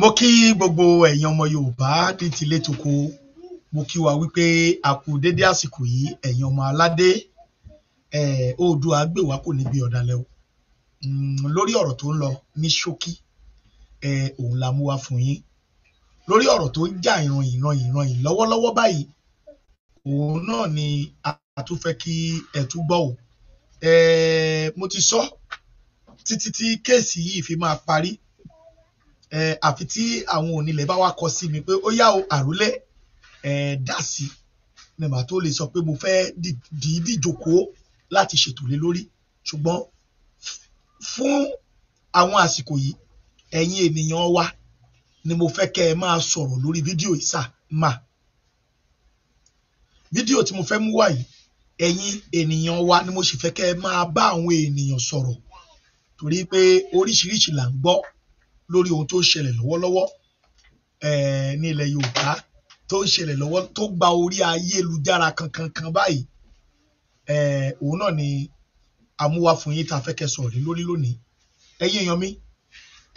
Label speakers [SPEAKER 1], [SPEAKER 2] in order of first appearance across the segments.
[SPEAKER 1] mo kí gbogbo ẹ̀yin ọmọ yorùbá ní tilé toko mo kí wa wípé a kú dédé àsìkò yìí ẹ̀yin ọmọ aládé oòdùà gbè wá kò níbi ọ̀dàlẹ̀ o mm, lórí ọ̀rọ̀ tó ń lọ ní ṣókí òun la mú wá fún yín lórí ọ̀rọ̀ tó ń jà ìran ìran ìran yìí lọ́wọ́lọ́wọ́ báyìí òun náà ni a tún fẹ́ kí ẹ tún gbọ́ o mo ti sọ títí tí kéèsì yìí fi máa parí àfi tí àwọn onílẹ̀ bá wá kọ sí mi pé ó yá o àrólé dá sí ni màá tó lè sọ pé mo fẹ́ dìídì jókòó láti ṣètò lé lórí ṣùgbọ́n fún àwọn àsìkò yìí ẹ̀yin ènìyàn wa ni mo fẹ́ kẹ́ ẹ máa sọ̀rọ̀ lórí fídíò yìí sà mà fídíò tí mo fẹ́ mú wá yìí ẹ̀yin ènìyàn wa ni mo sì fẹ́ kẹ́ ẹ máa bá àwọn ènìyàn sọ̀rọ̀ torí pé oríṣiríṣi là ń gbọ́ lórí ohun tó ṣẹlẹ̀ lọ́wọ́lọ́wọ́ eh, ní ilẹ̀ Yorùbá tó ṣẹlẹ̀ lọ́wọ́ tó gba orí ayélujára kankankan báyìí eh, òun náà ni amúwá fún yín tá a fẹ́ kẹ́ sọ̀rọ̀ lórí lónìí ẹ̀yin èèyàn mi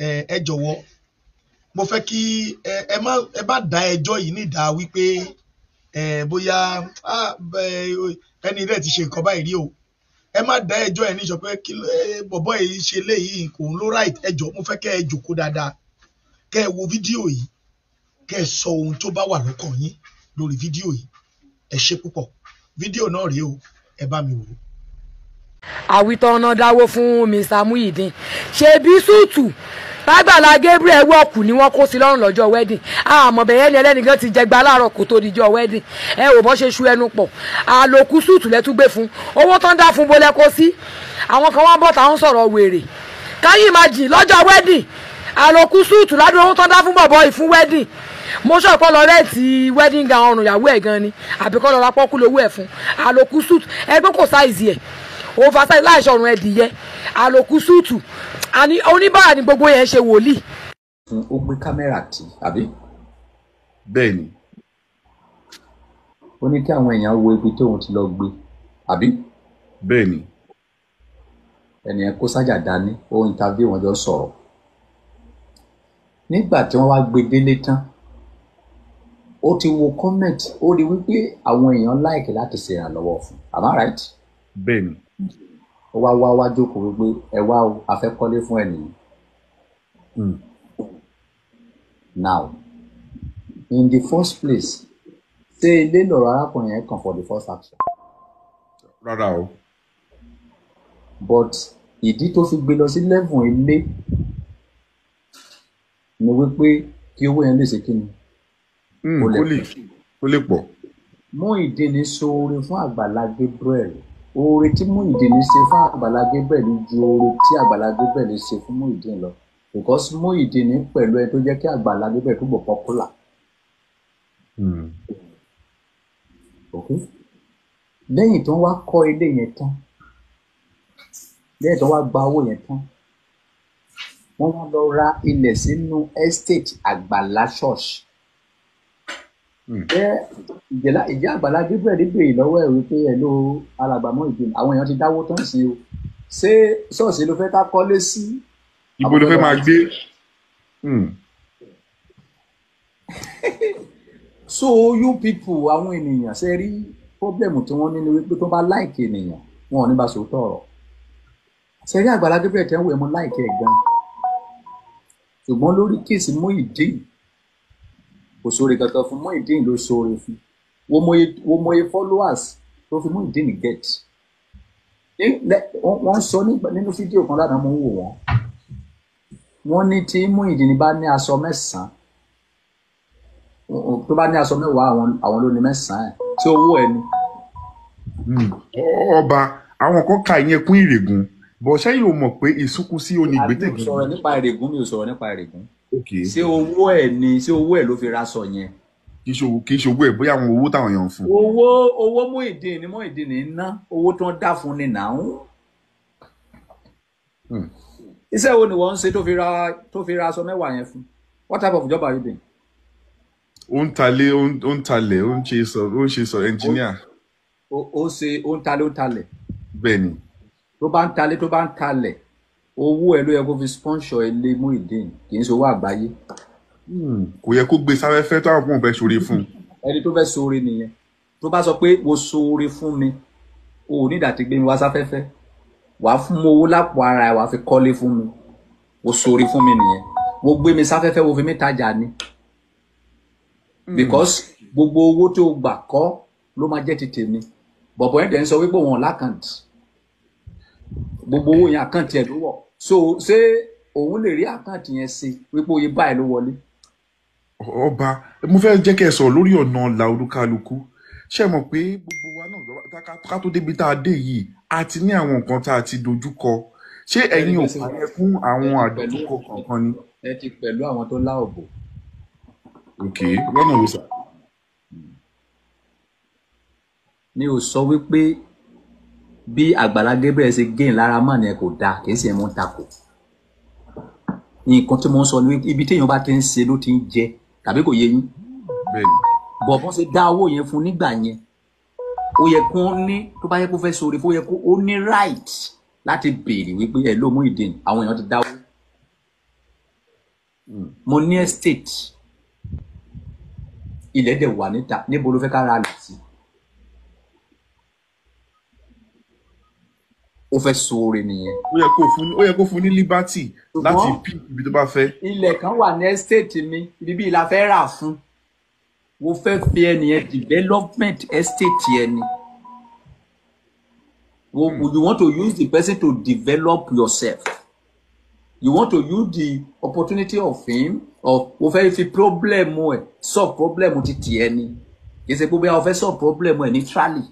[SPEAKER 1] eh, ẹ jọ̀wọ́ mo fẹ́ kí ẹ má ẹ bá dá ẹjọ́ yìí nídà wípé bóyá ah, ẹni rẹ̀ ti ṣe nǹkan báyìí rí o ẹ má dá ẹjọ́ ẹ̀ níjọ pé kí bọ̀bọ̀ yìí ṣe léyìí kò ń lọ right ẹjọ́ mo fẹ́ kẹ́ ẹ jòkó dáadáa kẹ́ ẹ wo fídíò yìí kẹ́ ẹ sọ ohun tó bá wà lọ́kàn yín lórí fídíò yìí ẹ ṣe púpọ̀ fídíò náà rèé o ẹ bá mi wò àwítọ́ ọ̀nà dáwó fún Mr. Muyideen ṣebí súùtù Agbala
[SPEAKER 2] Gabriel wọ́ọ̀kù ni wọ́n kó sí lọ́rùn lọ́jọ́ wedding àmọ́ bẹ̀yẹ́ ni ẹlẹ́nìkan ti jẹgba láàárọ̀ kó tó dijọ́ wedding ẹ ò bọ́ ṣe ṣu ẹnu pọ̀ àlòkù sùtù lẹ́tú gbé fún owó tó ń dá fún bolẹ́ kó sí àwọn kan wọ́n bọ̀ táwọn sọ̀rọ̀ wèrè káyì máa jì lọ́jọ́ wedding àlòkù sùtù ládùn owó tó ń dá fún bọ̀bọ̀ ìfún wedding mo ṣọ̀pọ̀ lọ rẹ́ẹ̀tì wedding gown ọrùn ìyàwó ẹ̀ gan ni àbíkọ́ lọ rapọ́kú lowó ẹ̀ fún àlòkù sùtù ẹgbẹ́ kò sáìzì ẹ̀ òun fàṣà láìsọ ọ̀run ẹ̀dìyẹ àlòkù súùtù oníbàárà ni gbogbo yẹn ṣe wòlíì. ó gbé kámẹ́rà tì àbí. bẹ́ẹ̀ ni. ó ní kí àwọn èèyàn wo ibi tóun ti lọ gbé àbí. bẹ́ẹ̀ ni. ẹnìyẹn kó sájà dání ó ń tàbí wọn jọ sọ̀rọ̀ nígbà tí wọ́n wá gbé délé tán ó ti wo comment ó rí wípé àwọn èèyàn láìkì láti ṣèrànlọ́wọ́ fún am I right? bẹ́ẹ̀ni ó wá wá wá jókòó wípé ẹ wá o a fẹ́ kọ́lé fún ẹ nìyí. Hmm. now in the first place ṣé ilé lọ̀rọ̀ arákùnrin yẹn kàn for the first action. rárá o. but ìdí tó fi gbé lọ sí lẹ́fùn ilé ni wípé kí owó yẹn lè ṣe kí ni. Hmm, kó lè pọ̀. Muyideen ṣoore fún Àgbàlá Gabriel oore tí Muyideen ṣe fún Àgbàlá Gabriel ju oore tí Àgbàlá Gabriel ṣe fún Muyideen lọ because Muyideen pẹ̀lú ẹ tó jẹ́ kí Àgbàlá Gabriel túbọ̀ popular. Hmm. lẹ́yìn tó ń wá kọ́ ilé yẹn tán lẹ́yìn tó ń wá gba owó yẹn tán wọ́n wá lọ ra ilẹ̀ sínú estate Àgbàlá church. Hmm. jẹ́ ìjẹ́lá ìjẹ́ àgbàlá gabriel béèrè lọ́wọ́ ẹ̀ wípé ẹ̀ ló alàgbàmọ́ ìdìbò àwọn èèyàn ti dáwó tán sí o ṣé ṣọ́ọ̀ṣì ló fẹ́ ká kọ́lé sí.
[SPEAKER 3] ibo ló fẹ́ máa gbé. Hmm.
[SPEAKER 2] so you people àwọn ènìyàn ṣe rí pọ́blẹ́mù tí wọ́n ní ni wípé tó bá láìkì ènìyàn wọn ò ní bá sòótọ́ ọ̀rọ̀ ṣe rí àgbàlá gabriel tẹ́ ń wẹ̀ mọ́ láìkì ẹ̀ gan ṣùgbọ́n lórí kéèsì Muyideen kò sóore kankan fún Muyideen ló sóore fún wo mọye wo mọye followers tó fi Muyideen get wọ́n sọ nínú fídíò kan lánàá mo ń wò wọ́n wọ́n ní tí Muyideen bá ní aṣọ mẹ́sàn-án tó bá ní aṣọ mẹ́wàá àwọn ló ní
[SPEAKER 3] mẹ́sàn-án tí owó ẹ̀ ni. Hmm. ọba àwọn kan ka ìyẹn kún ìrègùn bọ̀ sẹ́yìn ò mọ̀ pé ìsúnkú sí onígbẹ́tẹ̀gùn. mi ò sọ̀rọ̀
[SPEAKER 2] nípa ìrègùn mi ò sọ̀rọ̀ nípa ìrègùn
[SPEAKER 3] ṣé owó ẹ ni ṣé owó ẹ ló fi ra sọ yẹn. kì í ṣe owó kì í ṣe owó ẹ bóyá àwọn owó táwọn èèyàn ń fún.
[SPEAKER 2] owó owó Muyideen ni Muyideen ní ná owó tó ń dá fún ni nà ń. Hmm. iṣẹ́ wo ni wọ́n ń ṣe tó fi ra tó fi ra aṣọ mẹ́wàá yẹn fún what type of job are you doing.
[SPEAKER 3] ó ń talé ó ń talẹ̀ ó ń ṣe sọ ó ń ṣe sọ ẹnjìníà.
[SPEAKER 2] ó ṣe ó ń talé ó ń talẹ̀. bẹ́ẹ̀ ni. tó bá ń talé tó bá ń talẹ̀
[SPEAKER 3] owó ẹ ló yẹ kó fi sponsor ẹ lé Muyideen kì í ṣe owó àgbáyé. Hmm, kò yẹ kó gbé sáfẹ́fẹ́ tó àwọn fún òfẹ́ ṣoore fún un.
[SPEAKER 2] ẹni tó fẹ́ ṣoore nìyẹn tó bá sọ pé o ṣoore fún mi o ò ní ìdàtí gbé mi wá sáfẹ́fẹ́ wàá fún mi owó lápò ara ẹ wàá fi kọ́lé fún mi o ṣoore fún mi nìyẹn wo gbé mi sáfẹ́fẹ́ wo fi mi tajà ni. Hmm. because gbogbo owó tó gbà kọ́ ló máa jẹ́ ti tèmi bọ̀bọ̀ ẹ̀ dẹ̀ ń sọ wípé wọn ò lákàntì gbogbo owó yẹn àkàntì ẹ̀ ló wọ̀ so ṣé òun lè rí àkáǹtì yẹn ṣe wípé
[SPEAKER 3] oye báyìí ló wọlé. ọba mo fẹ́ jẹ́ kí ẹ sọ̀rọ̀ lórí ọ̀nà ọ̀la olúkálukú ṣe mọ̀ pé gbogbo wa náà ká tó débi tá a dé yìí a ti ní àwọn nǹkan tá a ti dojú kọ ṣé ẹ̀yin ò parẹ́ fún àwọn àdójúkọ kankan ni. ẹ ti pẹ̀lú àwọn tó láòbò. ok lọ́nà wo sà.
[SPEAKER 2] mi ò sọ wípé bí Àgbàlá Gabriel ṣe gé lára mọ́ ni kò dáa kì í ṣe mú takò nǹkan tí mo ń sọ ni ibi téèyàn bá ti ń ṣe ló ti ń jẹ tàbí kò yé yín bọ̀bọ́n ṣe dá owó yẹn fún nígbà yẹn ó yẹ kó ní tó bá yẹ kó fẹ́ sóore fó yẹ kó ó ní right láti béèrè wípé ẹ ló mú ìdènà àwọn èèyàn ti dáwó hmm. mo ní estate ilẹ̀ dẹ̀ wà níta níbo ló fẹ́ ká ra
[SPEAKER 3] lò sí. ó fẹ́ sóore nìyẹn. ó yẹ kó fún ó yẹ kó fún ní liberty láti pí ibi tó bá fẹ́. ilẹ̀ kan
[SPEAKER 2] wà ní estate mi ibi bíi la fẹ́ rà fún mo fẹ́ fi ẹnìyẹn development estate yẹn ni. Hmm. you want to use the person to develop yourself you want to use the opportunity of him or o fẹ́ fi problem ẹ̀ solve problem ti tiẹ̀ ni kì í ṣe pé bóyá fẹ́ solve problem ẹ̀ neutrally.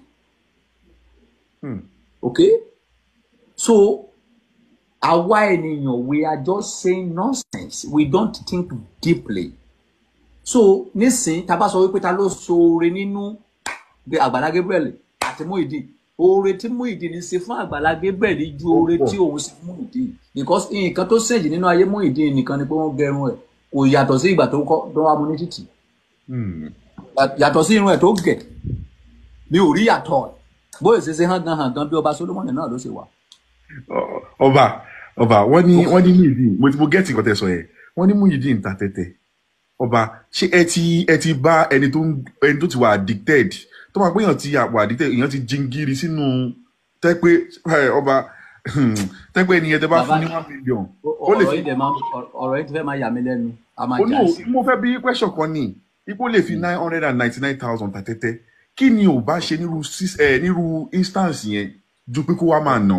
[SPEAKER 2] Hmm. okay so àwa ènìyàn we are just saying nonsense we don't think deeply so nísìnyí tá a bá sọ wípé ta ló so oore nínú Àgbàlá Gabriel àti Muyideen oore tí Muyideen ní ṣe fún Àgbàlá Gabriel ju oore tí òun ṣe fún because nǹkan tó ṣèjì nínú ayé Muyideen nìkan ni pé wọ́n gẹrun ẹ̀ kò yàtọ̀ sí ìgbà tó kọ́ tó wà mú ní títì hmm. yàtọ̀ sí irun ẹ̀ tó gẹ̀ mi ò rí yàtọ̀ bóyá ṣe ṣe hàn gan hàn gan bí ọba Solomoni náà ló ṣe wà
[SPEAKER 3] ọba ọba wọ́n ní wọ́n ní Muyideen mo ti mo gẹ́tì nǹkan tẹ́ sọ yẹn wọ́n ní Muyideen ta tẹ́tẹ́ ọba ṣé ẹ ti ẹ ti bá ẹni tó ẹni tó ti wà addicted tó máa pé èèyàn ti wà addicted èèyàn ti jingiri sínú tẹ́ pé ọba tẹ́gbẹ́ ẹni yẹn tẹ́ bá fún ní one million.
[SPEAKER 2] ọ̀rọ̀ yìí dẹ̀ máa ọ̀rọ̀ yìí ti fẹ́ máa yà mí lẹ́nu
[SPEAKER 3] a máa oh, jà sí. mo fẹ́ bí question kan ni. ipò lè fi hmm. nine hundred and ninety nine thousand ta tẹ́tẹ́ kí ni ò bá ṣe nírú instance yẹn ju pé kó wá máa nà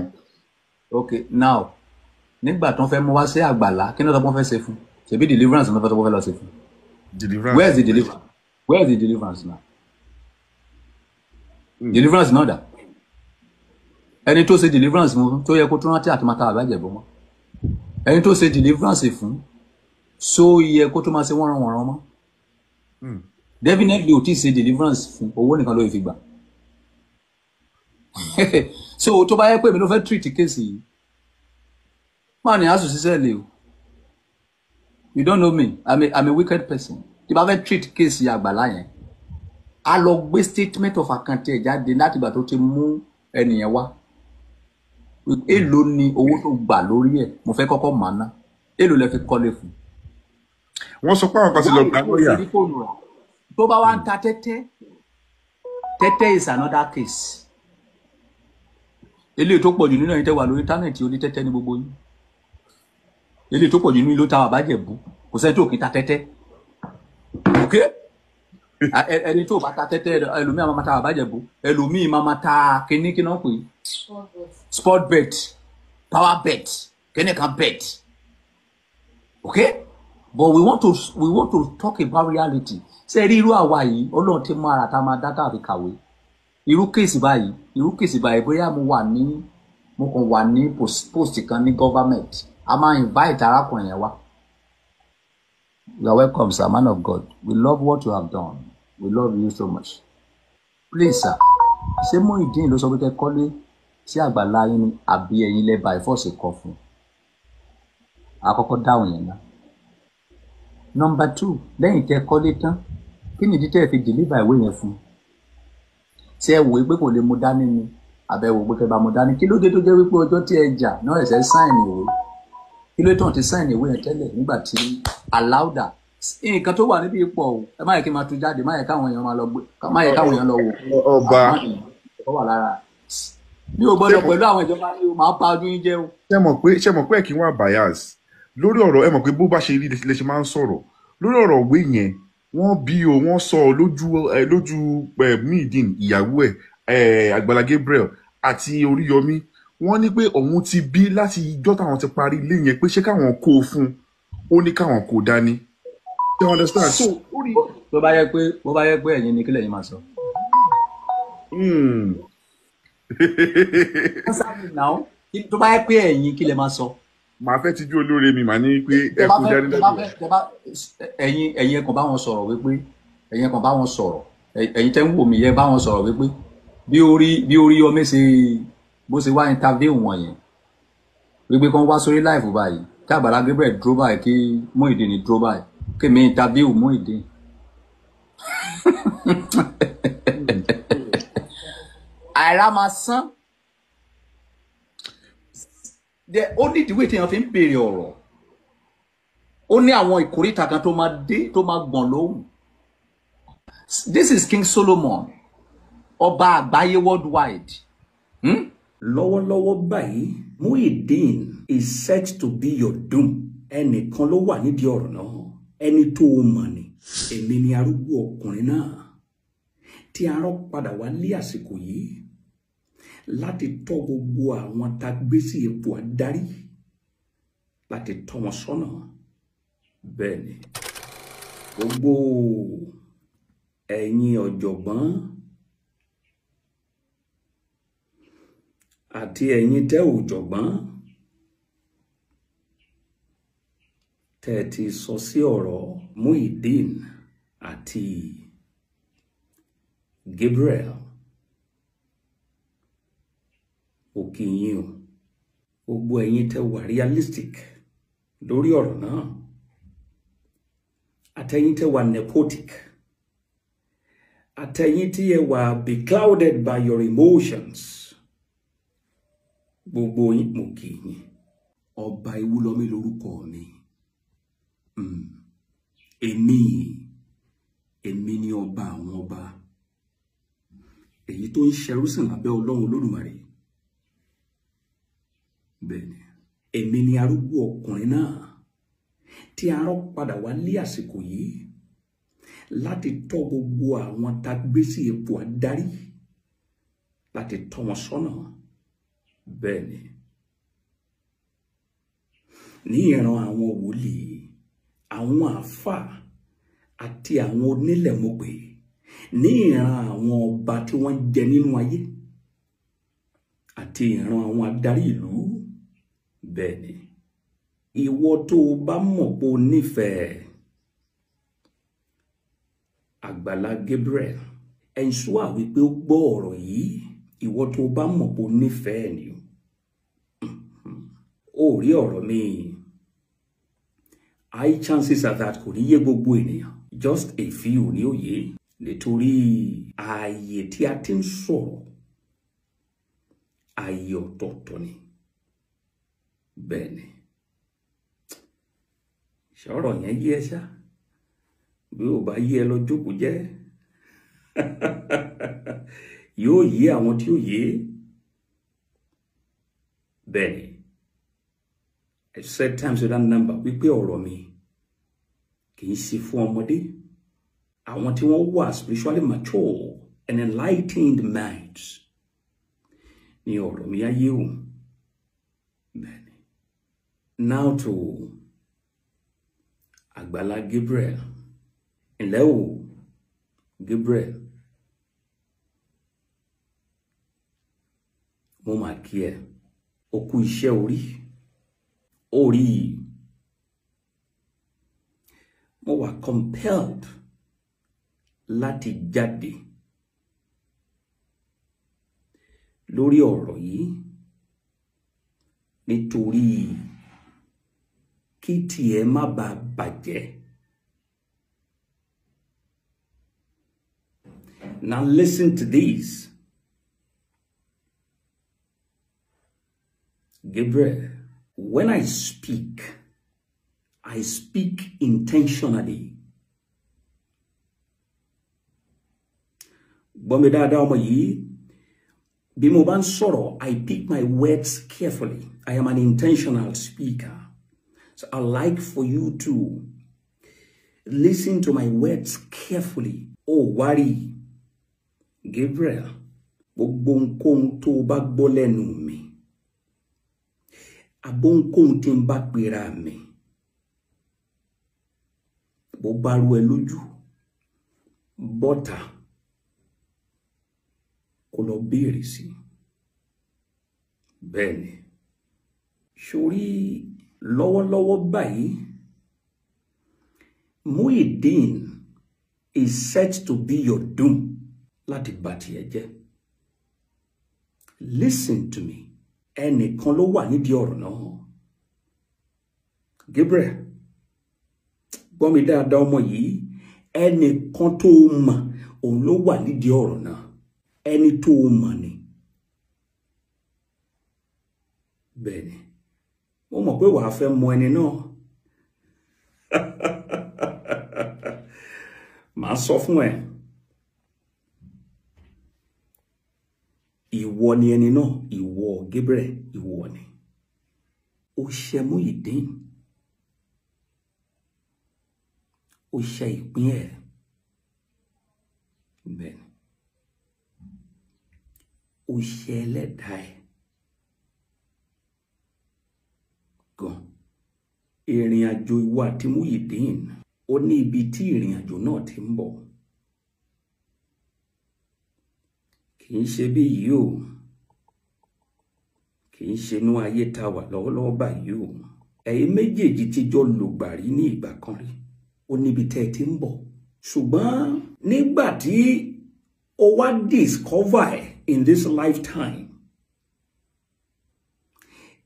[SPEAKER 3] ok now nígbà tó ń fẹ́ mú wá sí àgbàlá kí ni wọ́n tó fẹ́ ṣe fún ṣèbí
[SPEAKER 2] deliverance ló fẹ́ tó ń fẹ́ lọ ṣe fún deliverance where is the deliverance where is the deliverance now mm. deliverance náà dà ẹni tó ṣe deliverance fún tó yẹ kó tó rántí àti máa ta àbájẹ̀bọ mọ́ ẹni tó ṣe deliverance fún so yẹ kó tó máa ṣe wọ́n ran wọ́n ran mọ́ hmm. definitely ò tí ṣe deliverance fún owó nìkan ló fi gbà so tó bá yẹ pé mi ló fẹ́ treat kéèsì yìí máa ní aṣọ ṣiṣẹ́ lè o you don't know me i'm a, I'm a wicked person tí bá fẹ́ treat case, kéèsì àgbàlá yẹn a lọ gbé statement of àkàntì ẹ̀ jáde láti ìgbà tó ti mú ẹnìyẹn wá èló ni owó tó gbà lórí ẹ̀ mo fẹ́ kọ́kọ́ màá ná èló lẹ fi kọ́lé fún. wọ́n sọ pé àwọn kan ti lọ gbà lóyà. tó bá wá ń ta tẹ́tẹ́ tẹ́tẹ́ is another case eléyìí tó pọ̀ jù nínú ẹ̀yin tẹ́ wà lórí íńtánẹ́ẹ̀tì onítẹ́tẹ́ ní gbogbo yín eléyìí tó pọ̀ jù nínú ìlú táwa bàjẹ́ bú kò sẹ́ni tó kì í ta tẹ́tẹ́ ok ẹni tó bá ta tẹ́tẹ́ ẹlòmíì máa ta àbájẹ́ bú ẹlòmíì máa ta kíní kíná pé sport bet power bet kíní bet ok but we want to we want to talk about reality ṣe rí irú àwa yìí ọlọ́run ti mú ara ta máa dá tàbí kàwé irú kéèsì báyìí irú kéèsì báyìí bóyá mo wà ní mo kàn wà ní post kan ní government a máa invite arákùnrin yẹn wá. you are welcome sir man of God we love what you have done we love you so much please sir ṣé Muyideen ló sọ pé kẹ́ kọ́lé sí àgbàlá yín ni àbí ẹ̀yin lẹ́ bá ìfọ́sẹ̀ kọ fún un àkọ́kọ́ dáhùn yẹn náà. number two lẹ́yìn tẹ́ kọ́lé tán kí nìdí tẹ́ fi deliver ìwé yẹn fún un tí ẹ wò pé kò lè mu dání ni àbẹ̀wò pé kẹ́ bá mu dání kí ló dé tó jẹ́ wípé ọjọ́ tí ẹ jà náà ẹ̀sẹ̀ sáìnì ìwé kí ló tàn ti sáìnì ìwé yẹn tẹ́lẹ̀ nígbà tí aláùdà nǹkan tó wà níbi ipò o ẹ má yẹ kí n máa tu jáde má yẹ káwọn èèyàn máa lọ gbé má yẹ káwọn èèyàn lọ
[SPEAKER 3] wò ọba mi ò gbọ́dọ̀ pẹ̀lú àwọn ìjọba ni o máa pa ọdún yín jẹ o. ṣé mọ̀ pé ṣé mọ̀ pé ẹ̀ kí n wá bias lórí ọ̀rọ̀ ẹ mọ̀ pé bó bá ṣe rí lè ṣe máa ń sọ̀rọ̀ lórí ọ̀rọ̀ òwe yẹn wọ́n bí o wọ́n sọ ọ lójú lójú Muyideen ìyàwó ẹ̀ Àgbàlá Gabriel àti Oríyọmí wọ́n ní pé òun ti bí láti ijọ́ táwọn ti parí ilé yẹn pé ṣé káwọn kó o fún un ó ní káwọn kó o dání. you understand so orí.
[SPEAKER 2] bá yẹ pé bó bá yẹ pé ẹ̀yin ni kílẹ̀ yín máa sọ.
[SPEAKER 3] Hmm. tó bá yẹ pé ẹ̀yin kílẹ̀ máa sọ màá fẹ́ tijú olóore mi màá ní pé ẹ kú dání
[SPEAKER 2] dájú. ẹ̀yin bá wọn sọ̀rọ̀ wípé ẹ̀yin kan bá wọn sọ̀rọ̀ ẹ̀yin tẹ́ ń wò mí yẹn bá wọn sọ̀rọ̀ wípé bí orí bí orí ọmọ ṣe bó ṣe wá interview wọn yẹn wípé kán wá sórí live báyìí kí Àgbàlá Gabriel dúró báyìí kí Muyideen ní dúró báyìí kí mi interview Muyideen. àìrá máa sán. The only ìdíwé tí èèyàn fi ń béèrè ọ̀rọ̀ ó ní àwọn ìkórìtà kan tó máa dé tó máa gbọ̀n lóhùn this is King Solomon ọba àgbáyé worldwide. Hmm? lọ́wọ́lọ́wọ́ báyìí Muyideen is set to be your doom ẹnìkan ló wà nídìí ọ̀rọ̀ náà ẹni tó o mọ̀ ni èmi ni arúgbó ọkùnrin náà tí arọ́ padà wá lé àsìkò yìí láti tọ́ gbogbo àwọn tá a gbé sí ipò adarí láti tọ́ wọn sọ́nà bẹ́ẹ̀ ni gbogbo ẹ̀yin ọ̀jọ̀gbọ́n àti ẹ̀yin tẹ́ ò jọ̀gbọ́n tẹ́ ti sọ sí ọ̀rọ̀ Muyideen àti Gabriel òkè yín o gbogbo ẹ̀yin tẹ́ wà realistic lórí ọ̀rọ̀ náà àtẹ̀yin tẹ́ wà nepotic àtẹ̀yin tí ẹ wà clouded by your emotions gbogbo yín mo kì í yín ọba ewúlọmí lórúkọ mi hmm. èmi èmi ni ọba àwọn ọba èyí tó ń ṣerú sìn lábẹ́ ọlọ́run olódùmarè bẹ́ẹ̀ni èmi ni arúgbó ọkùnrin náà tí arán padà wá lé àsìkò yìí láti tọ́ gbogbo àwọn tá a gbé sí ipò adarí láti tọ́ wọn sọ́nà bẹ́ẹ̀ni ní ìran àwọn wòlíì àwọn àáfàá àti àwọn onílẹ̀ mo ní ìran àwọn ọba tí wọ́n jẹ nínú ayé àti ìran àwọn adarí ìlú bẹ́ẹ̀ ni ìwọ tó o bá mọ̀ pé o nífẹ̀ẹ́ àgbàlá Gabriel ensure wípé ó gbọ́ ọ̀rọ̀ yìí ìwọ tó o bá mọ̀ pé o nífẹ̀ẹ́ ni ó rí ọ̀rọ̀ mi high chances are that kò ní yé gbogbo ènìyàn just a few ní òye nítorí ààyè tí a ti ń sọ̀rọ̀ ààyè ọ̀tọ̀ọ̀tọ̀ ni. Bene. ni ṣọ́rọ̀ yẹn yé ẹ ṣá bí ò bá yé ẹ lọ jókòó jẹ́ yóò yé àwọn tí ó yé bẹ́ẹ̀ ni I said times that number wípé ọ̀rọ̀ mi kì í ṣe fún ọmọdé àwọn tí wọ́n wà spiritually mature and enlightened minds ni ọ̀rọ̀ mi á yé òun now to Agbala Gabriel ǹlẹ́ o Gabriel mo mà kí ẹ o kú iṣẹ́ orí ó mo wà compelled láti jáde lórí ọ̀rọ̀ yìí nítorí. kí tiẹ̀ má bàjẹ́. Now listen to these. Gabriel, when I speak, I speak intentionally. Gbọ́ mi dáadáa ọmọ I pick my words carefully. I am an intentional speaker. So I'd like for you to listen to my words carefully. Oh, worry, Gabriel, gbogbo ohunkóhun tó o bá gbọ́ lẹ́nu mi, àbó ohunkóhun tí n bá pera mi, bọ́tà kó lọ béèrè sí. Bẹ́ẹ̀ni, ṣorí lọ́wọ́lọ́wọ́ báyìí Muyideen is set to be your doom láti bà tiẹ̀ jẹ́ listen to me ẹnìkan ló wà nídìí ọ̀rọ̀ náà Gabriel gbọ́ mi dáadáa ọmọ yìí ẹnìkan tó o mọ̀ òun ló wà nídìí ọ̀rọ̀ náà ẹni tó o mọ̀ ni bẹ́ẹ̀ ni ó mọ̀ pé wàá fẹ́ mọ ẹni náà màá sọ fún ẹ ìwọ ni ẹni náà ìwọ Gabriel ìwọ ni ó ṣe Muyideen ó ṣe ìpín ẹ bẹ́ẹ̀ ó ṣe ẹlẹ́dàá ẹ ìrìn àjò ìwà àti Muyideen ó ní ibi tí ìrìn àjò náà ti ń bọ̀ kì í ṣe bí yìí o kì í ṣe inú ayé ta wà lọ́wọ́lọ́wọ́ báyìí o ẹ̀yin méjèèjì ti jọ lùgbàrí ní ìgbà kan rí ó níbi tẹ́ ẹ ti ń bọ̀ ṣùgbọ́n nígbà tí o wá discover in this lifetime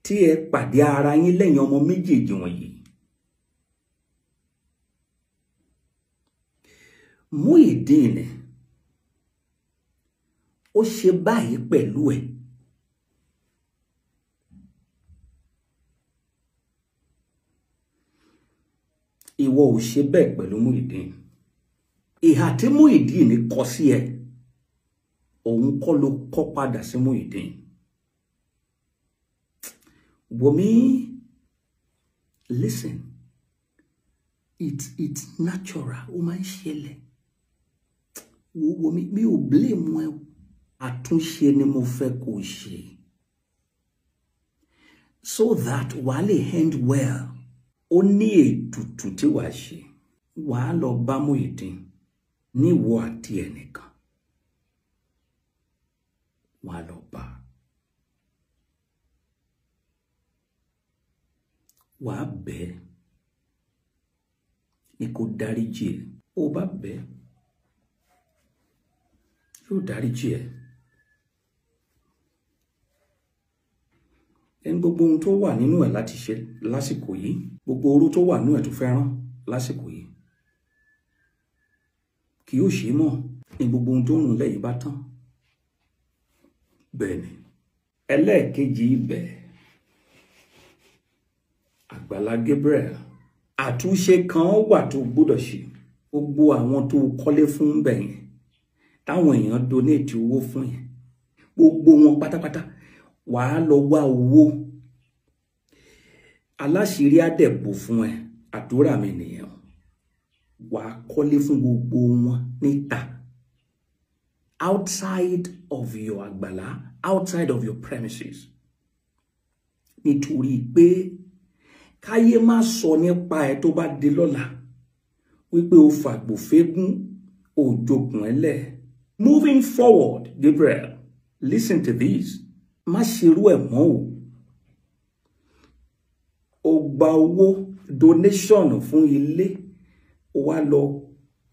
[SPEAKER 2] tí ẹ pàdé ara yín lẹ́yìn ọmọ méjèèjì wọ̀nyí. Muyideen ó ṣe báyìí pẹ̀lú ẹ̀. ìwọ ò ṣe bẹ́ẹ̀ pẹ̀lú Muyideen ìhà tí Muyideen kọ sí ẹ òun kọ́ ló kọ́ padà sí Muyideen Wumi, listen. It's, it's natural. Ó máa ń ṣẹlẹ̀. Wumi, mi blame wọn. Àtúnṣe ni mo fẹ́ So that wale hand well. Oni e ètùtù tí wàá ṣe. Wàá lọ bá Muyideen ní ìwọ àti ẹnìkan. Wàá wàá bẹ́ẹ̀ ni kó dáríjì ẹ ó bá bẹ́ẹ̀ yóò dáríjì ẹ ẹni gbogbo ohun tó wà nínú ẹ láti ṣe lásìkò yìí gbogbo oró tó wà nínú ẹ tó fẹ́ràn lásìkò yìí kì yóò ṣe mọ́ ní gbogbo ohun tó rùn lẹ́yìn bá tán bẹ́ẹ̀ ni ẹlẹ́ẹ̀kejì ibẹ̀ àgbàlá Gabriel àtúnṣe kan wà tó gbọ́dọ̀ ṣe gbogbo àwọn tó kọ́lé fún bẹ̀yẹn táwọn èèyàn donate owó fún yẹn gbogbo wọn pátápátá wàá lọ wá owó aláṣìírí àdẹ̀bò fún ẹ àdúrà mi nìyẹn wàá kọ́lé fún gbogbo wọn níta outside of your àgbàlá outside of your premises nítorí pé káyé má sọ nípa ẹ tó bá dé lọ́la wípé o fàgbò fégún o jokùn ẹlẹ́ moving forward Gabriel listen to this má ṣerú ẹ̀ mọ́ o o gba owó donation fún ilé o wá lọ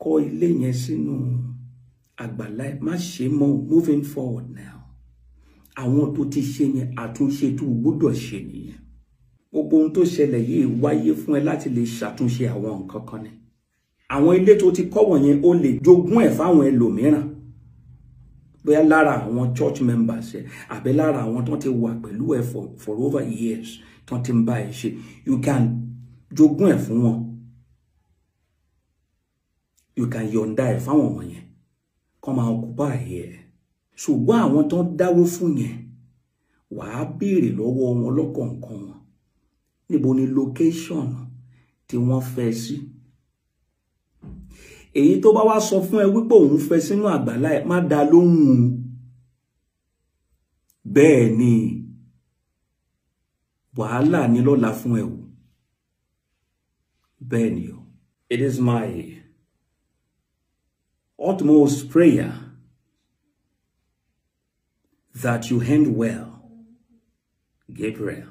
[SPEAKER 2] kọ́ ilé yẹn sínú àgbàlá ẹ̀ má ṣe mọ́ moving forward now àwọn tó ti ṣe yẹn àtúnṣe tó gbọ́dọ̀ ṣe nìyẹn gbogbo ohun tó ṣẹlẹ̀ yìí wáyé fún ẹ láti lè ṣàtúnṣe àwọn nǹkan kan ni àwọn ilé tó ti kọ́ wọ̀nyẹn ó lè jogún ẹ̀ fáwọn ẹlòmíràn bóyá lára àwọn church members ẹ àbí lára àwọn tó ti wà pẹ̀lú ẹ for, for over years tó ti ń bá ẹ ṣe you can jogún ẹ̀ fún wọn you can yọ̀ǹda ẹ̀ fáwọn wọ̀nyẹn kọ́ máa kópa ẹ̀ ṣùgbọ́n àwọn tó ń dáwó fún yẹn wàá béèrè lọ́wọ́ wọn lọ́kọ̀ọ̀kan wọn níbo ni location tí wọ́n fẹ́ sí èyí tó bá wá sọ fún ẹ wípé òun fẹ́ sínú àgbàlá ẹ má dá lóhùn bẹ́ẹ̀ ni wàhálà ní lọ́la fún ẹ o bẹ́ẹ̀ ni it is my utmost prayer that you end well Gabriel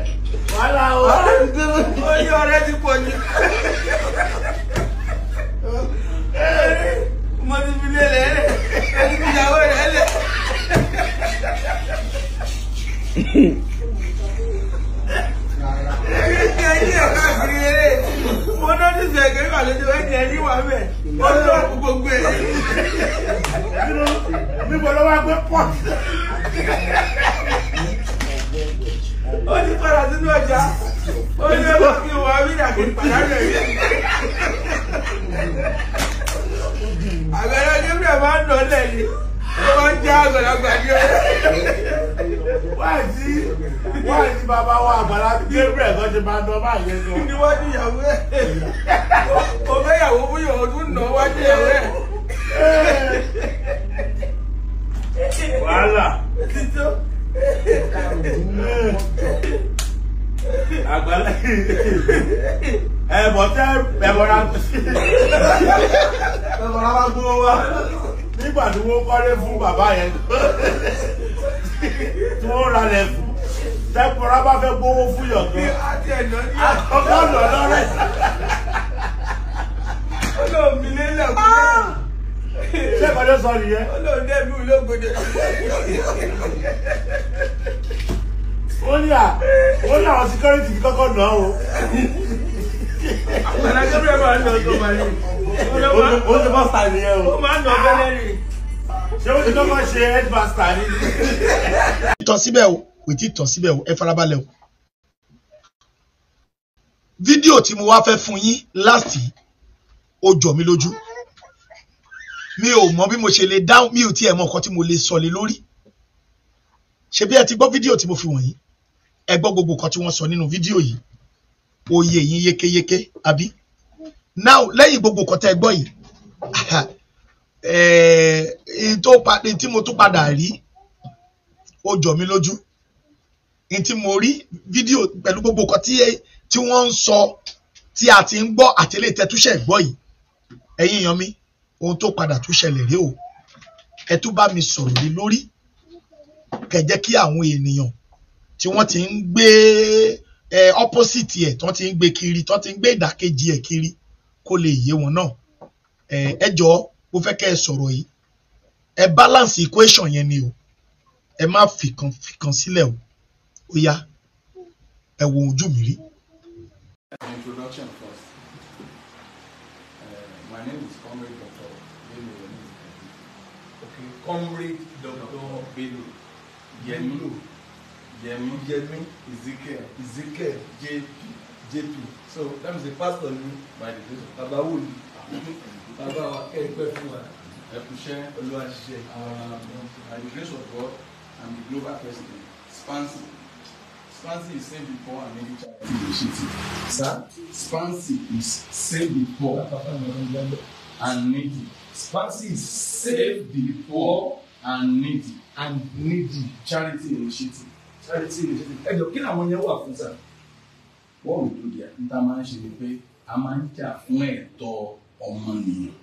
[SPEAKER 4] Olha o oyún ọ̀rẹ́ ti pọ̀ jù de ti fi lé lẹ ẹni tí ìyàwó rẹ lẹ. mo nọ́ọ̀tì sẹ̀kẹ́ ìgbàlejò ẹni ẹni wà bẹ̀ ó lọ gbogbo ẹ̀. níbo ló wá gbé pọ́ọ̀tì. ọ̀gá ó ní ẹgbẹ́ kí wọ́n rí ìdàgbé pàdánù rí. àgbàdo gabriel máa ń nọlẹ̀ ni ó máa ń jẹ́ àgbàlagbà ní ọ̀rẹ́. wáàtí wáàtí bàbá wa àgbàlá gabriel kan ṣe máa ń nọ máa yẹ sọ. ni wọ́n ní ìyàwó ẹ̀ òfé ìyàwó fún ìyàwó tún nà wájú ìyàwó ẹ̀. wàhálà àgbàlá ẹ̀bọ̀ tẹ́ ẹ̀bọ̀ra ẹ̀bọ̀ra bá gbówó wá nígbà tí wọ́n kọ́lé fún bàbá yẹn tí wọ́n ra lẹ̀ fún tẹ́bọ̀ra bá fẹ́ gbówó fún yọ̀gbọ́n àkọ́kọ́ lọ lọ́rẹ́. olóòmí lélẹ̀ kúrẹ́ ṣé ìpàdé sọ nìyẹn. olóòmí lẹ́mí olóògbé ó ní à ó ní àwọn security ti kọ́kọ́ nà ó. ọ̀nà kẹ́kẹ́ máa ń lọ tó máa ní. ó ti bọ́ sàn nìyẹn o. ó máa ń lọ bẹ́lẹ̀ rí.
[SPEAKER 1] ṣé ó ti kọ́kọ́ ṣe
[SPEAKER 4] headmaster ni.
[SPEAKER 1] ìtọ̀ síbẹ̀ o kò tí ì tọ̀ síbẹ̀ o ẹ farabalẹ̀ o. fídíò tí mo wá fẹ́ fún yín last ó jọ mí lójú mi ò mọ bí mo ṣe lè dáhùn mi ò tiẹ̀ mọ nǹkan tí mo lè sọ lé lórí ṣebí ẹ ti gbọ́ fídíò tí mo fi wọ̀nyí ẹ gbọ́ gbogbo nǹkan tí wọ́n sọ nínú fídíò yìí oyè yín yékéyéké àbí now lẹ́yìn gbogbo nǹkan tẹ́ ẹ gbọ́ yìí ẹ̀ẹ́n tó padà tí mo tún padà rí ó jọ mí lójú ẹ̀ẹ́n tí mo rí fídíò pẹ̀lú gbogbo nǹkan tí wọ́n ń sọ tí a ti ń gbọ́ àtẹ̀lé tẹ́túṣẹ̀ gbọ́ yìí ẹ̀yin èèyàn mi ohun tó padà tún ṣẹlẹ̀ rèé o ẹ tún bá mi sọ̀rọ̀ lórí kẹ́ kí àwọn ènìyàn tí wọ́n ti ń gbé ẹ opposite ẹ̀ tí wọ́n ti ń gbé kiri tí wọ́n ti ń gbé ìdàkejì ẹ̀ kiri kó lè yé wọn náà ẹ ẹ jọ mo fẹ́ kẹ́ ẹ sọ̀rọ̀ yìí ẹ balance equation yẹn ni o ẹ má fìkan fìkan sílẹ̀ o ó yá ẹ wo ojú mi rí.
[SPEAKER 5] Uh, my name is Comrade Dr. Bello Yemi. Okay, Comrade Dr. Bello Yemi. Yemi, Yemi, Ezekiel, Ezekiel, JP, JP. So that is the pastor knew by the grace of Baba Wuli. Baba wa kẹ́gbẹ́ fún wa. Ẹ kú iṣẹ́. Olúwa ṣiṣẹ́. Um, by the grace of God, and the global president, Spansi. Spansi is saved poor and many charity initiative. Sir, Spansi is saving saved before and needy. Spansi is the poor and needy. And needy charity initiative charity initiative ẹjọ kí làwọn yẹn wà fún sà. wọ́n ò tó díẹ̀ níta máa ń ṣe ni pé a máa ń jà fún ẹ̀tọ́ ọmọnìyàn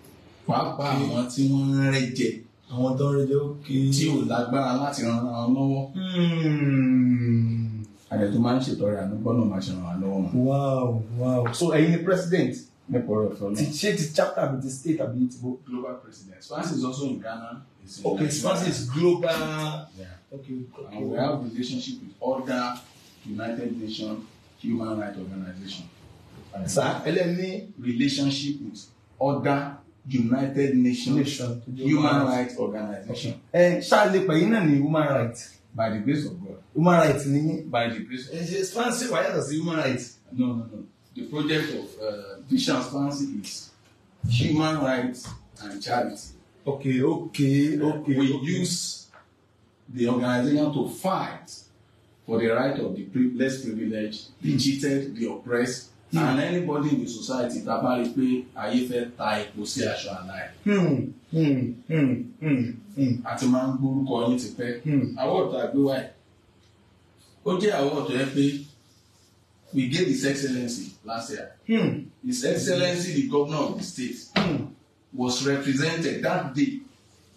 [SPEAKER 5] pàápàá àwọn tí wọ́n ń rẹ́ jẹ àwọn tó ń rẹ́ jẹ ó kí tí ò lágbára láti ran ara wọn lọ́wọ́ àjọ hmm. tó máa ń ṣètọrẹ àánú máa ṣe ràn án lọ́wọ́ mọ́. wow wow so ẹ̀yin ni president. nípa ọ̀rọ̀ sọ́nà. ti ṣé ti chapter àbí ti state àbí ti global president so as Ghana Okay, Christmas is global. Yeah. Okay, okay. And we have relationship with other United Nations human rights organization. Sir, ẹlẹ́ni. Relationship with other United Nations Nation, human rights organization. Ẹ ṣáàlì pẹ̀yìn náà ni human rights. By the grace of God. Human rights ni By the grace of God. Ẹ ṣe fancy wà yàtọ̀ sí human rights. No, no, no. The project of uh, Vision Fancy is human rights and charity. Okay, okay, okay. We okay. use the organization to fight for the right of the pri less privileged, the cheated, the oppressed, mm. and anybody in the society tá a bá rí i pé ayé fẹ́ ta epo sí aṣọ àlá Ati àti máa ń gbórúkọ yín ti pẹ́. Hmm. àwọ̀tò àgbéwá ẹ̀ ó jẹ́ àwọ̀tò ẹ pe. we gave his excellency last year. Mm. his excellency the governor of the state. Mm was represented that day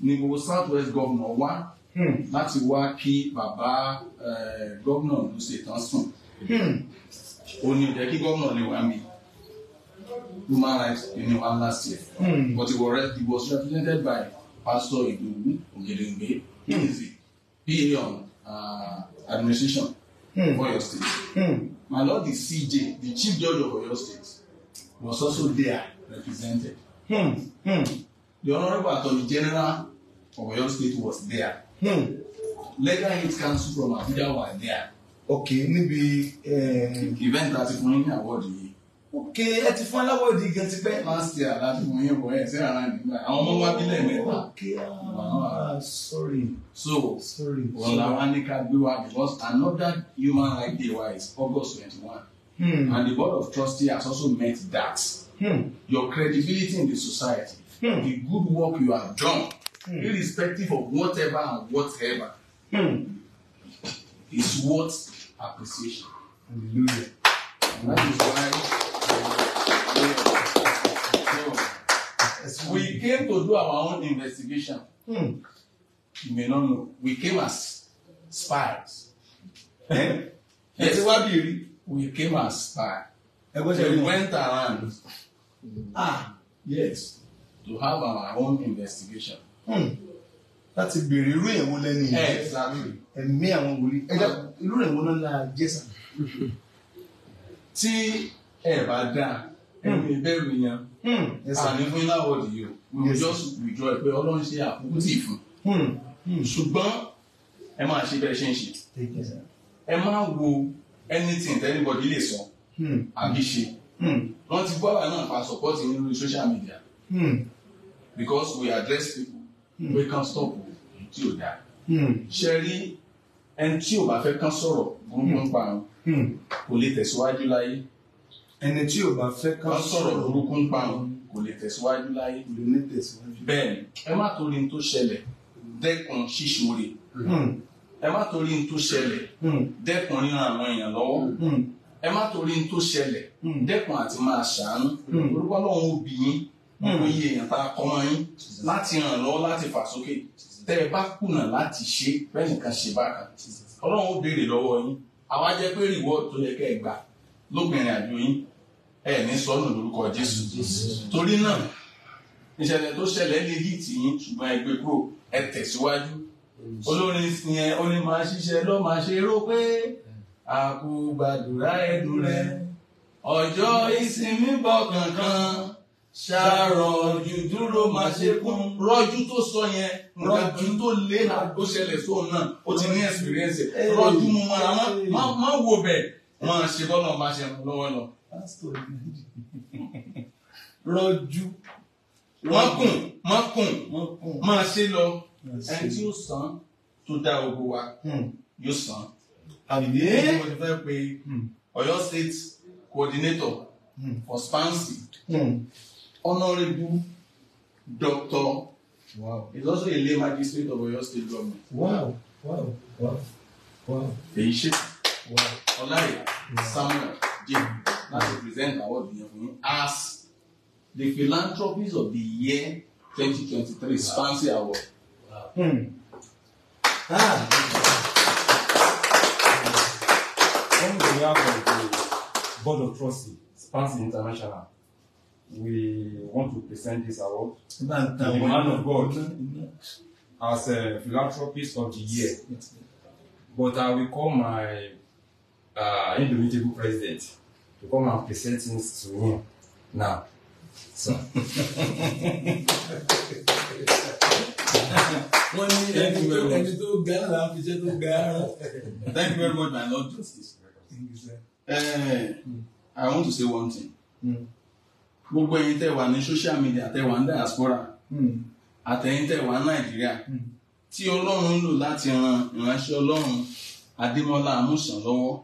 [SPEAKER 5] ní gbogbo south west governor wá hmm. láti wá kí bàbá gómìnà ló ṣetán sùn hmm. ó ní ó jẹ́ kí gómìnà lè wá mi human rights union one last year hmm. but he was, he was represented by pastor Idowu Ogedengbe he is PA on uh, administration hmm. for Oyo State my lord the CJ the chief judge of Oyo State was also there represented. Hmm. Hmm. The Honourable Attorney General of Oyo State was there. Hmm. Legal aid council from Abuja were there. Okay, níbi. Eh, event àti fún yín ní award yìí.
[SPEAKER 4] Okay, ẹ
[SPEAKER 5] ti fún aláwọ̀ èdè gan ti pẹ́. Last year láti fún yín wọ̀ ẹ̀ sí ara nígbà àwọn ọmọ wa bílẹ̀
[SPEAKER 4] Okay, ah,
[SPEAKER 5] sorry. So, sorry. Wọ́n la wá ní ká gbé because another human rights day wa August twenty-one. Hmm. And the board of trustees has also met that mm. your credibility in the society, mm. the good work you have done, mm. irrespective of whatever and whatever, mm. is worth appreciation. Hallelujah. And that is why um, we hmm. came to do our own investigation. Mm. You may not know. We came as spies. yes. Eh? Eh? Eh? yes. We came as spies. We went around. Mm. Ah, yes. To have our own investigation. Hmm. Láti bèrè irú èwo lẹ́nu yìí. Ẹ̀mí àwọn wòlíì. Ẹja irú èwo náà la Jésà. Tí ẹ bá dá ẹ̀mí hmm. bẹ̀rù yan, àní fún iná wọ̀dì yìí o, we will just withdraw ẹ pé Ọlọ́run ṣe àkókò tì fún. Hmm. Ṣùgbọ́n ẹ máa ṣe bẹ́ẹ̀ ṣe ń ṣe. Ẹ máa wo anything that anybody lè sọ àbí ṣe wọ́n ti gbọ́ àwa náà pa support yín lórí social media hmm. because we address people hmm. we can stop tí ò dáa hmm. ṣe rí ẹni tí ò bá fẹ́ kán sọ̀rọ̀ gbọ́ngbọ́n pa wọn kò lè tẹ̀síwájú láyé ẹni tí ò bá fẹ́ kán sọ̀rọ̀ burúkú ń pa wọn kò lè tẹ̀síwájú láyé kò lè ní tẹ̀síwájú bẹ́ẹ̀ ẹ má torí ní tó ṣẹlẹ̀ dẹ́kun ṣíṣore ẹ má torí ní tó ṣẹlẹ̀ dẹ́kun ríran àwọn èèyàn lọ́wọ́ ẹ má torí n tó ṣẹlẹ̀ hmm. dẹ́kun àti máa ṣàánú hmm. orúkọ Ọlọ́run ó bì yín gbogbo hmm. iye èèyàn tá a kọ́ mọ́ yín láti ràn lọ́wọ́ láti fà sókè tẹ́ ẹ bá kùnà láti ṣe bẹ́ẹ̀ nìkan ṣe bákan Ọlọ́run ó béèrè lọ́wọ́ yín àwa jẹ́ pé rìwọ́ tó yẹ kẹ́ ẹ gbà lóbìnrin àjò yín ẹ ní sọnù lórúkọ
[SPEAKER 1] Jésù torí náà ìṣẹ̀lẹ̀ tó
[SPEAKER 5] ṣẹlẹ̀ lè yí tì yín ṣùgbọ́n ẹ gbé kúrò ẹ tẹ̀síwájú olórin yẹn ó ní máa ṣiṣẹ́ ló máa ṣe rò pé àkùgbàdúrà ẹdùrẹ́ ọjọ́ ìsinmi bọ̀ kankan ṣàrọ̀ ojú dúró máa ṣe kún rọ́jú tó sọ yẹn rọ́jú tó lé àgbo ṣẹlẹ̀ sóun náà ó ti ní ẹ̀sìpírẹ́ǹsì rọ́jú mu mọ́ra má wo bẹ̀ wọ́n ṣe bọ́lọ̀ máa ṣe mú lọ́wọ́ lọ. rọ́jú mọ́kùn mọ́kùn máa ṣe lọ ẹni tí ó sàn tó dá ogun wa hmm. yóò sàn àmín mo ti fẹ́ pe hmm. Ọ̀yọ́ state coordinator hmm. for spansi hmm. honourable doctor wow. is also a lay magistrate of Ọ̀yọ́ state government. wow wow wow wow. èyí ṣe ọláyé samuel james láti present award yẹn fún yín as the philanthropist of the year twenty twenty three spansi award. Wow. Hmm. Ah. behalf of the Board of Trustees, Spans International, we want to present this award to the man of God as a philanthropist of the year. But I will call my uh, indomitable president to come and present things to him now. So. wọ́n ní ẹni tó Thank you very much my lord justice. Eh, I want to say one thing. Hmm. Gbogbo ẹ̀yin tẹ́ wà ní social media tẹ́ wà ní diaspora hmm. àtẹ̀yin tẹ́ wà ní Nàìjíríà hmm. tí Ọlọ́run ń lò láti ran ìránṣẹ́ Ọlọ́run Adémọ́lá Amúsàn lọ́wọ́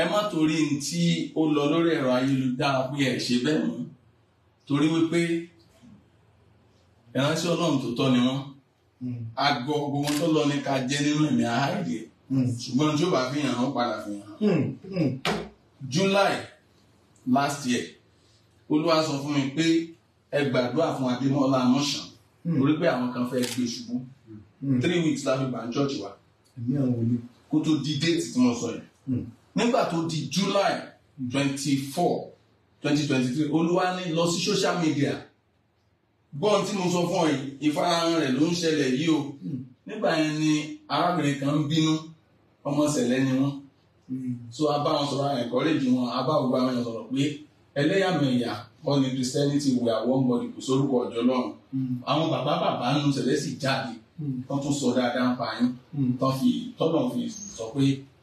[SPEAKER 5] ẹ má torí tí ó lọ lórí ẹ̀rọ ayélujára pé ẹ ṣe bẹ́ẹ̀ mú torí wípé ìránṣẹ́ Ọlọ́run tó tọ́ ni wọ́n àgọ́ gbogbo tó lọ ní ká jẹ́ nínú ẹ̀mí àárẹ̀ Hmm, ṣùgbọ́n tí ó bá fi hàn án padà fi hàn án.
[SPEAKER 4] Hmm, hmm.
[SPEAKER 5] July last year olúwa sọ fún mi pé ẹ gbàdúrà fún Adémọ́lá Mọ̀ṣán torí pé àwọn kan fẹ́ gbé ṣubú three weeks la fi gbà ń church wa kó tó di déètì tí mo sọ yìí nígbà tó di July twenty four twenty twenty three olúwa ní lọ sí social media gbọ́n tí mo sọ fún ọ ìfarahàn rẹ̀ ló ń ṣẹlẹ̀ yìí o nígbà yẹn ni arábìnrin kan ń bínú ọmọ ṣẹlẹ̀ ni wọ́n so a bá wọn sọ̀rọ̀ encourage wọn a bá gbogbo àwọn èèyàn sọ̀rọ̀ pé ẹlẹ́yàmẹ̀yà kọ́ ni christianity we are one body kò sórúkọ ọ̀jọ́ lọ́run àwọn bàbá bàbá nù ṣẹlẹ̀ sì jáde wọ́n tún sọ dáadáa ń pa yín tán fi tọ́lọ̀ fi sọ pé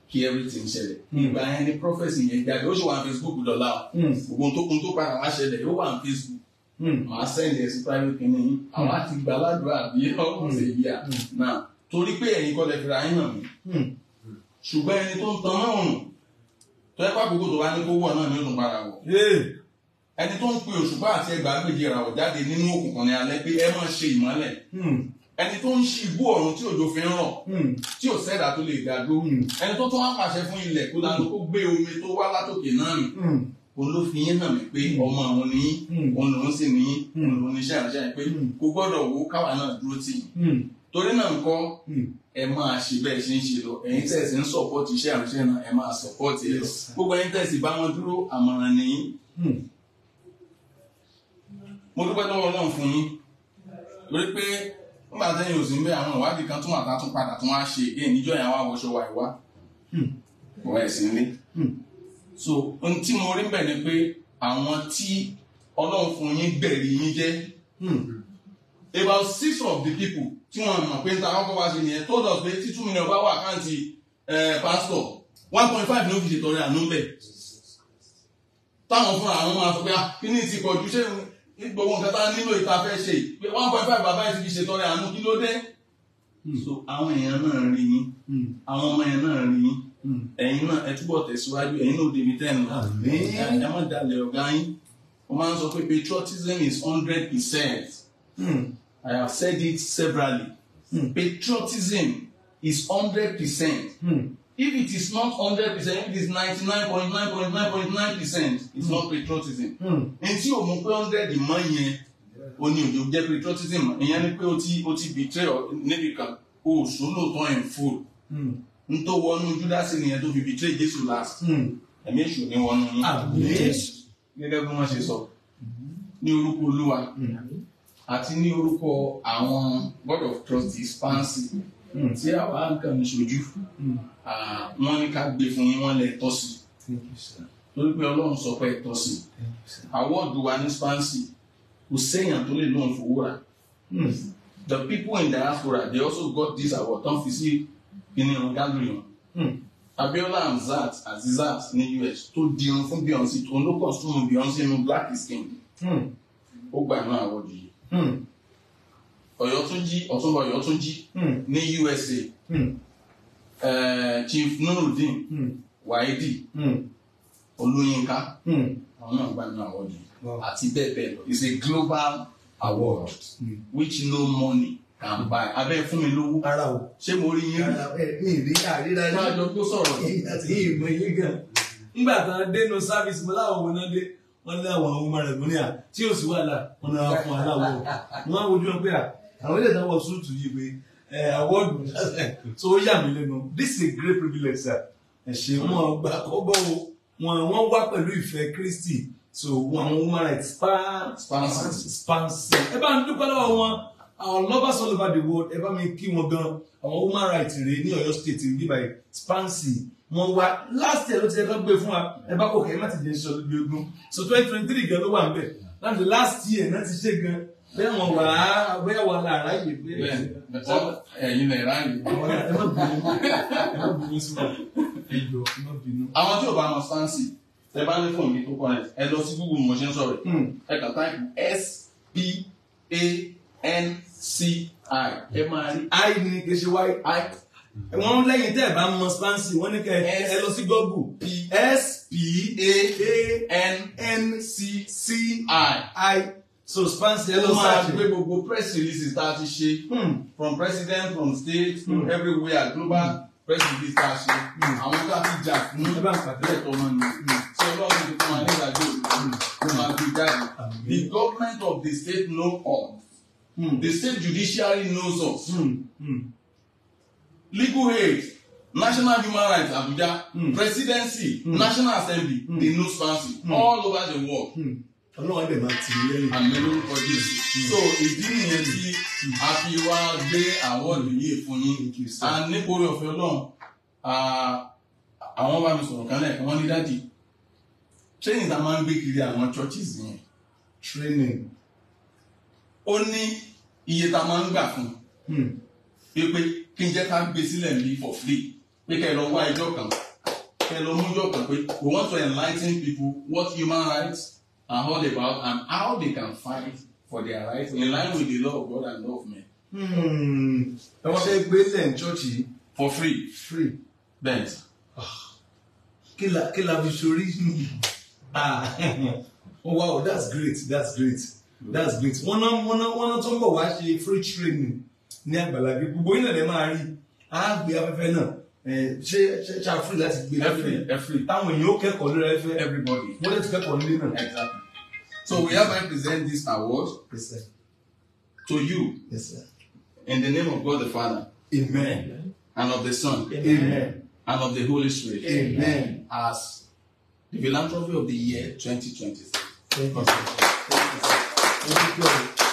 [SPEAKER 5] kí everything ṣẹlẹ̀ ìgbà yẹn ni prophecy yẹn jáde ó sì wà ní facebook dọ́là gbogbo ohun tó padà wá ṣẹlẹ̀ ó wà facebook màá sẹ́ndì ẹ̀sìn private kìíní yín àwọn àti gbàládùn àbí ọkùnrin ṣèyí à náà torí pé ẹ̀yin kọ́ lè yín hàn mí ṣùgbọ́n ẹni tó ń tan ọ̀run tó yẹ pàkókò tó bá ní kó wọ̀ náà ní òtún padà wọ̀ ẹni tó ń pe òṣùpá àti ẹgbàá méje ìràwọ̀ jáde nínú òkùnkùn ní alẹ́ pé ẹ máa ṣe ìmọ́lẹ̀ hmm. ẹni tó ń ṣí ibú ọ̀run tí òjò fi ń rọ̀ hmm. tí ò sẹ́dá tó lè dá dó hmm. ẹni tó tún wá pàṣẹ fún ilẹ̀ kó dáná kó gbé omi tó wá látòkè náà rìn òun ló hàn mí pé ọmọ àwọn ní òun lòún sì ní òun lòún níṣẹ́ torí náà nǹkan hmm. ẹ máa ṣe bẹ́ẹ̀ ṣe ń ṣe lọ ẹ̀yin tẹ̀sí ń sọ̀pọ̀tì iṣẹ́ àrùnṣẹ́ náà ẹ máa sọ̀pọ̀tì ẹ̀ gbogbo ẹ̀yin tẹ̀sí bá wọn dúró àmọ̀ràn nìyí. Hmm. mo dúpẹ́ lọ́wọ́ Ọlọ́run fún yín torí pé nígbà tẹ́yìn ò ń bẹ́ àwọn ìwádìí kan tún àtà padà tún wá ṣe é níjọ́ yẹn àwọn àwọ̀ṣọ wa ìwá hmm. wọ́n ẹ̀ sí so ohun tí mo rí bẹ̀ ni pé àwọn tí Ọlọ́run fún yín gbẹ̀rí yín jẹ́ about six of the people tí wọ́n mọ̀ pé níta kọ́kọ́ wá sí nìyẹn told us pé tí two million bá wà àkáǹtì eh, pastor one point five ní ó fi ṣètọrẹ àánú bẹ̀ táwọn fúnra àwọn máa sọ pé ah, kí ni ti pọ̀jù ṣé gbogbo nǹkan tá a nílò ìta fẹ́ ṣe pé one point five bàbá yìí ti fi ṣètọrẹ àánú kí ló dé hmm. so àwọn èèyàn náà rí yín hmm. àwọn ọmọ yẹn náà rí yín hmm. ẹ̀yin náà ẹ túbọ̀ tẹ̀síwájú ẹ̀yin náà débi tẹ́ ẹ̀ náà ẹ má dalẹ̀ ọ̀gá yín wọ́n máa ń sọ pé patriotism is hundred percent. I have said it severally. Mm. Patriotism is hundred percent. Mm. If it is not hundred percent, if it is ninety-nine point nine point nine point nine percent, it's mm. not patriotism. Hmm. Ntí o mú pé hundred mọ́ yẹn, o ní òjò jẹ́ patriotism, ìyẹn ni pé o ti o ti betray níbi kan, o ò sólò tán in full. Hmm. N tó wọnú Judas nìyẹn tó fi betray Jésù last. Hmm. Ẹ̀mí èṣù ni wọnú yín. Àbúrò Jésù. Gẹ́gẹ́ bí wọ́n ṣe sọ, ní orúkọ Olúwa àti ní orúkọ àwọn board of trustees pansi hmm. tí àwa nǹkan ní ṣojú hmm. wọ́n ní ká gbé fún yín wọ́n lè tọ́ sí torí pé ọlọ́run sọ pé tọ́ sí àwọ́ọ̀dù wa ní pansi kò séèyàn tó lè lóun fowó hmm. the people in diaspora they also got this award tán fi sí kíní irun gallery wọn Abiola Hamzat Azizat ní US tó dirun fún Beyonce tó ń lókàn súnmù Beyonce ní Black skin. King ó gbà náà àwọ̀dù yìí. Hmm. Ọyọ Ọ̀túnba Ọ̀yọ́túnjí hmm. ní USA hmm. eh, Chief Nurudeen Waidi Olúyinká àwọn náà àti bẹ́ẹ̀ bẹ́ẹ̀ lọ it's a global award which no money can buy abẹ́ fún mi ṣé mo rí yín rí ká jọ sọ̀rọ̀ yìí nígbà dénú wọ́n ní àwọn ọmọ rẹ̀ múnìyà tí yóò sì wà là wọ́n náà fún aláwọ̀ wọ́n á wojú wọn pé àwọn ilé ìdáwọ̀ súùtù yìí pé ẹ awọ́ọ̀dù tó yà mí lẹ́nu this is a great privilege sir ẹ ṣe wọn gbà kọ́gbọ́ o wọn wọn wá pẹ̀lú ìfẹ́ Kristi so wọn àwọn human rights spansi ẹ bá ń dúpẹ́ lọ́wọ́ wọn àwọn lovers all over the world ẹ bá mi kí wọn gan àwọn human rights rèé ní Ọ̀yọ́ state níbàyí spansi mọ wa last year ló ti yẹ kó gbé fún wa ẹ bá kókè ẹ má ti jẹ iṣẹ́ olóbi ogun so twenty twenty three gan ló wà ń bẹ láti last year náà ti ṣe gan bẹ́ẹ̀ wọ́n wà á bẹ́ẹ̀ wà á ráyè bẹ́ẹ̀ ẹ̀yin lè ráyè. ẹ má bínú ẹ má bínú sí wa ẹjọ ẹ má àwọn tí ò bá wọn sáǹsì ẹ bá ní fóònù mi tó kọ́ ẹ lọ sí google mo ṣe ń sọ̀rọ̀ hmm. ẹ kà táìpù s p a n c i ẹ máa rí i ní kí ṣe wáyé wọ́n lẹ́yìn tẹ́ ẹ̀ bá mọ spansi wọ́n ní kẹ́ ẹ lọ sí google p s p a A n n c c i i so spansi ẹ lọ sáàjì. ó máa gbé gbogbo press releases tá a ti ṣe hmm. from president from state from hmm. everywhere global hmm. press release tá a ṣe àwọn tá a ti jà fún ẹ̀tọ́ wọn ni so lọ́wọ́ ti fún wa nígbà tó o máa gbé jáde the government of the state know us the state judiciary knows us legal aid national human rights abuja mm. presidency mm. national assembly mm. the news fancy mm. all over the world. Mm ọlọ́run ẹ̀bẹ̀ máa ti lẹ́yìn. àmì lórúkọ jésù. so ìdí nìyẹn tí hmm. a fi wá gbé àwọ̀dù yìí fún yín. a nípòrí ọ̀fẹ́ ọlọ́run àwọn bá mi sọ̀rọ̀ kan lẹ́ẹ̀kan wọ́n ní dájì training tá a máa ń gbé kiri àwọn churches yẹn. training. ó ní iye tá a máa ń gbà fún. pépé hmm kí n jẹ́ ká gbé sílẹ̀ mi for free pé kẹ́ ẹ lọ wá ẹjọ́ kan kẹ́ lọ mú kan pé we want to enlighten people what human rights are all about and how they can fight for their rights in line with the law of God and law of men.
[SPEAKER 4] Hmm.
[SPEAKER 5] ẹ wọ́n ṣe gbé lẹ́yìn ṣọ́ọ̀ṣì. for free. free. bẹ́ẹ̀ ni. Ah. kí la fi sori. Ah. oh wow that's great that's great that's great. wọ́n náà wọ́n náà wọ́n náà tó ń bọ̀ wá ṣe free training ní àgbàlá bí gbogbo yín náà máa rí a afẹ́fẹ́ náà ṣe ṣe ṣe àfúrì láti gbé afẹ́fẹ́ táwọn èèyàn ó kẹ́kọ̀ọ́ lórí afẹ́fẹ́ everybody wọ́n lè ti kẹ́kọ̀ọ́ nílé náà. exactly so we have to present this award yes, to you yes, in the name of God the Father amen and of the Son amen, and of the Holy Spirit amen, as the philanthropy of the year 2023. Thank you. Thank you. Thank you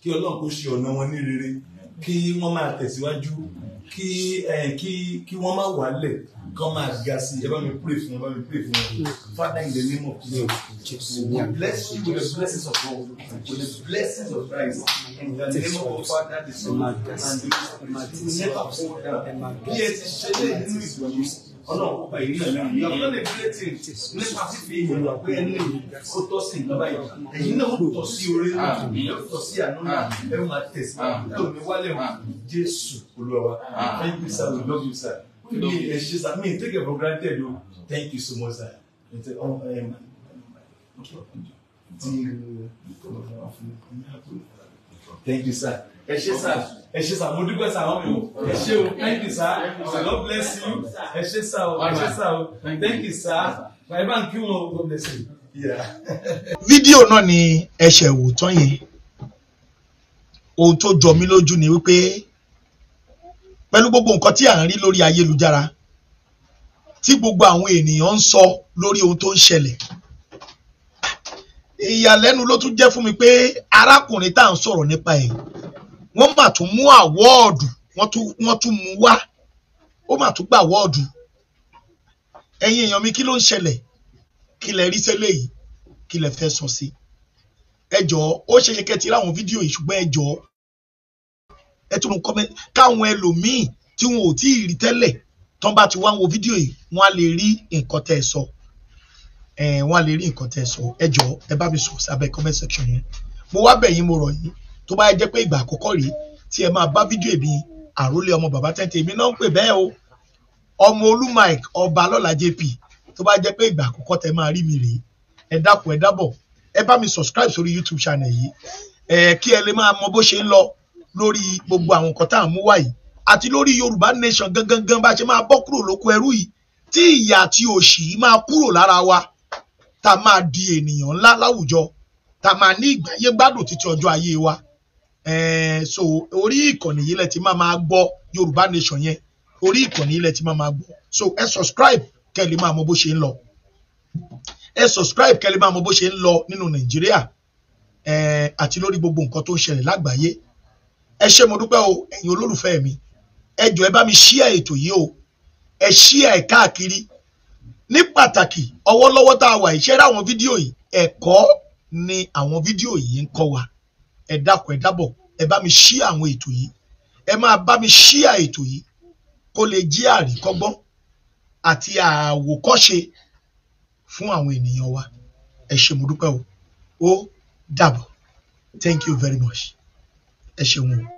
[SPEAKER 5] kí Ọlọ́run kó ṣe ọ̀nà wọn ní rere kí wọ́n máa tẹ̀síwájú kí kí kí wọ́n máa wálẹ̀ kán máa ga sí ẹ bá mi pray fún wọn bá mi pray fún wọn Father in the name of Jesus we bless you with the blessings of God with the blessings of Christ in the name of the Father the Son and the Holy Spirit never fall down bí ẹ ti ṣe ọlọ́run kópa ìrí ọ̀la ìyàwó lè fílẹ̀ tì nípa fífi ìyàn pé ẹni ó tọ́ sí ìjọba yìí ẹ̀yin náà ó tọ́ sí orí náà ó tọ́ sí àná náà ẹ̀ máa tẹ̀sí ẹ̀ ò ní wálẹ̀ wá jésù olúwa thank you sir we love you sir we be ṣe sir me take it for granted o thank you so much sir ti ọmọ ẹ máa ń bá ọ thank you sir ẹ ṣé sir ẹ ṣé sir mo dúpẹ́ sir àwọn mi o ẹ ṣé o thank you sir so God bless you ẹ ṣé sir o ẹ ṣé sir o thank you sir my bank kí wọn God bless you.
[SPEAKER 1] fídíò náà ni ẹ̀ṣẹ̀ wò tán yẹn ohun tó jọ mí lójú ni wípé pẹ̀lú gbogbo nǹkan tí à ń rí lórí ayélujára tí gbogbo àwọn ènìyàn ń sọ lórí ohun tó ń ṣẹlẹ̀ ìyàlẹ́nu ló tún jẹ́ fún mi pé arákùnrin tá à ń sọ̀rọ̀ nípa ẹ̀ wọ́n mà tún mú àwọ́ọ̀dù wọ́n tún mú wá ó mà tún gbà àwọ́ọ̀dù ẹ̀yin èèyàn mi kí ló ń ṣẹlẹ̀ kí lẹ rí sẹ́lẹ̀ yìí kí lẹ fẹ́ sọ sí ẹ jọ̀ọ́ ó ṣe ṣe láwọn fídíò yìí ṣùgbọ́n ẹ jọ̀ọ́ ẹ tún kọ́mẹ́ káwọn ẹlòmíì tí wọn ò tí ì rí tẹ́lẹ̀ tán bá ti wá wo fídíò yìí wọ́n á lè rí nǹkan tẹ́ ẹ sọ. So wọ́n á lè rí nǹkan tẹ́ sọ ẹ jọ ẹ bá mi sọ sábẹ́ comment section yẹn mo wá bẹ̀ yín mo rọ̀ yín tó bá jẹ́ pé ìgbà àkọ́kọ́ rèé tí ẹ máa bá fídíò èmi àrólé ọmọ bàbá tẹ́tẹ́ èmi náà ń pè bẹ́ẹ̀ o ọmọ olú ọba lọ́la jp tó bá jẹ́ pé ìgbà àkọ́kọ́ tẹ́ máa rí mi rèé ẹ dákun ẹ dábọ̀ ẹ bá mi subscribe sórí youtube channel yìí ẹ kí ẹ lè máa mọ bó ṣe ń lọ lórí gbogbo àwọn nǹkan tá à ń mú wáyìí àti lórí yorùbá nation gangan gan bá ṣe máa bọ́ kúrò lóko ẹrú yìí tí ìyà àti òṣì máa kúrò lára wa tá a máa di ènìyàn ńlá láwùjọ tá a máa ní ìgbáyé gbádùn títí ọjọ́ ayé wa so orí ìkànnì yìí lẹ ti máa máa gbọ́ Yorùbá Nation yẹn orí ìkànnì yìí lẹ ti máa máa gbọ́ so ẹ subscribe kẹ́ lè máa mọ bó ṣe ń lọ ẹ subscribe kẹ́ lè máa mọ bó ṣe ń lọ nínú Nàìjíríà àti lórí gbogbo nǹkan tó ń ṣẹlẹ̀ lágbàáyé ẹ ṣé mo dúpẹ́ o ẹ̀yin olólùfẹ́ mi ẹ jọ̀ọ́ ẹ bá mi ṣíà ètò yìí o ẹ ṣíà ẹ̀ káàkiri ní pàtàkì ọwọ́lọ́wọ́ tá a wà ìṣẹ́ ráwọn fídíò yìí ẹ̀kọ́ ni àwọn fídíò yìí ń kọ́ wa ẹ dákun ẹ dábọ̀ ẹ bá mi ṣí àwọn ètò yìí ẹ máa bá mi ṣí à ètò yìí kó lè jẹ́ àríkọ́gbọ́n àti àwòkọ́ṣe fún àwọn ènìyàn wa ẹ ṣé mo dúpẹ́ o ó dàbọ̀ thank you very much ẹ ṣeun o.